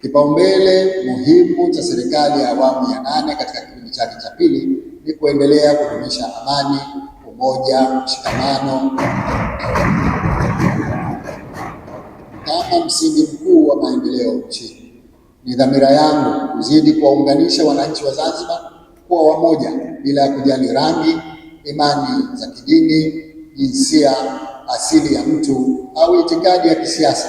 Kipaumbele muhimu cha serikali ya awamu ya nane katika kipindi chake cha pili ni kuendelea kudumisha amani, umoja, mshikamano kama msingi mkuu wa maendeleo nchini. Ni dhamira yangu kuzidi kuwaunganisha wananchi wa Zanzibar kuwa wamoja bila ya kujali rangi, imani za kidini, jinsia, asili ya mtu au itikadi ya kisiasa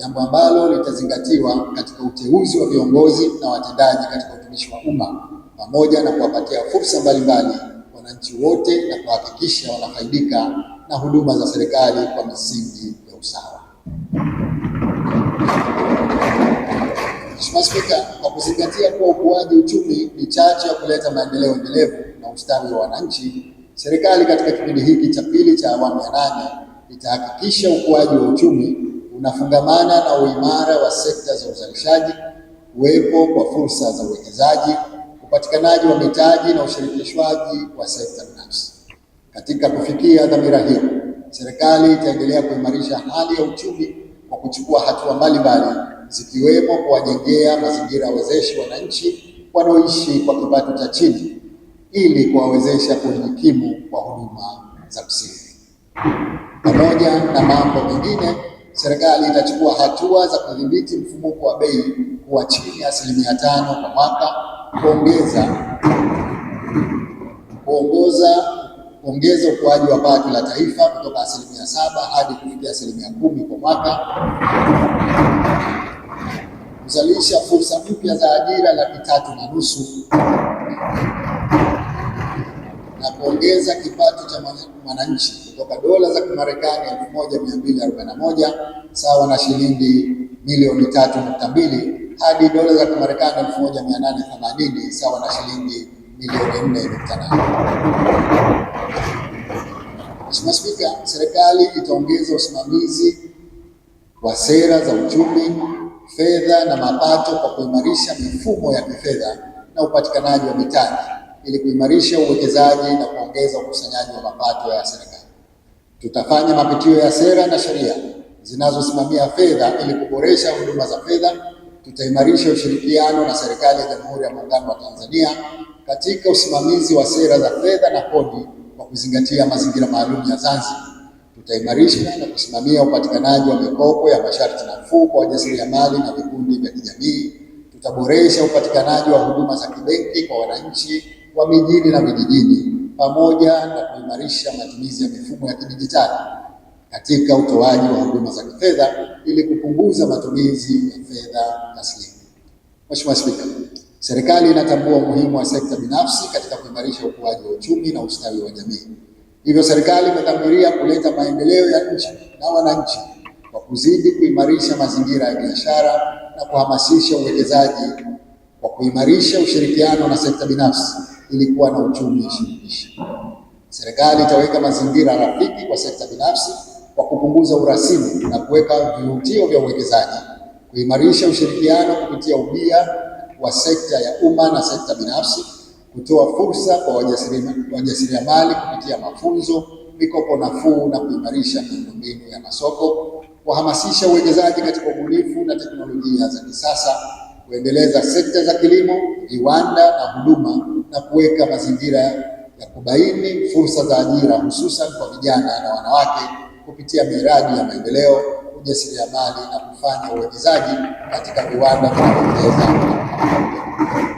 jambo ambalo litazingatiwa katika uteuzi wa viongozi na watendaji katika utumishi wa umma pamoja na kuwapatia fursa mbalimbali wananchi wote na kuhakikisha wanafaidika na huduma za serikali kwa misingi ya usawa. Mheshimiwa Spika, kwa kuzingatia kuwa ukuaji uchumi ni chachu ya kuleta maendeleo endelevu na ustawi wa wananchi, serikali katika kipindi hiki cha pili cha awamu ya nane itahakikisha ukuaji wa uchumi unafungamana na uimara wa sekta za uzalishaji, kuwepo kwa fursa za uwekezaji, upatikanaji wa mitaji na ushirikishwaji wa sekta binafsi. Katika kufikia dhamira hii serikali itaendelea kuimarisha hali ya uchumi kwa kuchukua hatua mbalimbali zikiwemo kuwajengea mazingira wezeshi wananchi wanaoishi kwa kipato cha chini ili kuwawezesha kujikimu kwa huduma za msingi. Pamoja na mambo mengine serikali itachukua hatua za kudhibiti mfumuko wa bei kuwa chini ya asilimia tano kwa mwaka, kuongeza kuongoza kuongeza ukuaji wa pato la taifa kutoka asilimia saba hadi kufikia asilimia kumi kwa mwaka, kuzalisha fursa mpya za ajira laki tatu na nusu na kuongeza kipato cha mwananchi kutoka dola za Kimarekani 1241 sawa na shilingi milioni mbili hadi dola za Kimarekani 1880 sawa na shilingi milioni 4.8. Mheshimiwa Spika, serikali itaongeza usimamizi wa sera za uchumi, fedha na mapato kwa kuimarisha mifumo ya kifedha na upatikanaji wa mitaji ili kuimarisha uwekezaji na kuongeza ukusanyaji wa mapato ya serikali. Tutafanya mapitio ya sera na sheria zinazosimamia fedha ili kuboresha huduma za fedha. Tutaimarisha ushirikiano na serikali ya Jamhuri ya Muungano wa Tanzania katika usimamizi wa sera za fedha na kodi kwa kuzingatia mazingira maalum ya Zanzibar. Tutaimarisha na kusimamia upatikanaji wa mikopo ya masharti nafuu kwa wajasiriamali na vikundi vya kijamii. Tutaboresha upatikanaji wa huduma za kibenki kwa wananchi wa mijini na vijijini pamoja na kuimarisha matumizi ya mifumo ya kidijitali katika utoaji wa huduma za kifedha ili kupunguza matumizi ya fedha taslimu. Mheshimiwa Spika, serikali inatambua umuhimu wa sekta binafsi katika kuimarisha ukuaji wa uchumi na ustawi wa jamii. Hivyo serikali imedhamiria kuleta maendeleo ya nchi na wananchi kwa kuzidi kuimarisha mazingira ya biashara na kuhamasisha uwekezaji kwa kuimarisha ushirikiano na sekta binafsi ili kuwa na uchumi shirikishi. Serikali itaweka mazingira rafiki kwa sekta binafsi kwa kupunguza urasimu na kuweka vivutio vya uwekezaji, kuimarisha ushirikiano kupitia ubia wa sekta ya umma na sekta binafsi, kutoa fursa kwa wajasiriamali kupitia mafunzo, mikopo nafuu na kuimarisha miundombinu ya masoko, kuhamasisha uwekezaji katika ubunifu na teknolojia za kisasa kuendeleza sekta za kilimo, viwanda na huduma na kuweka mazingira ya kubaini fursa za ajira hususan kwa vijana na wanawake kupitia miradi ya maendeleo, ujasiriamali na kufanya uwekezaji katika viwanda vinavyoendeleza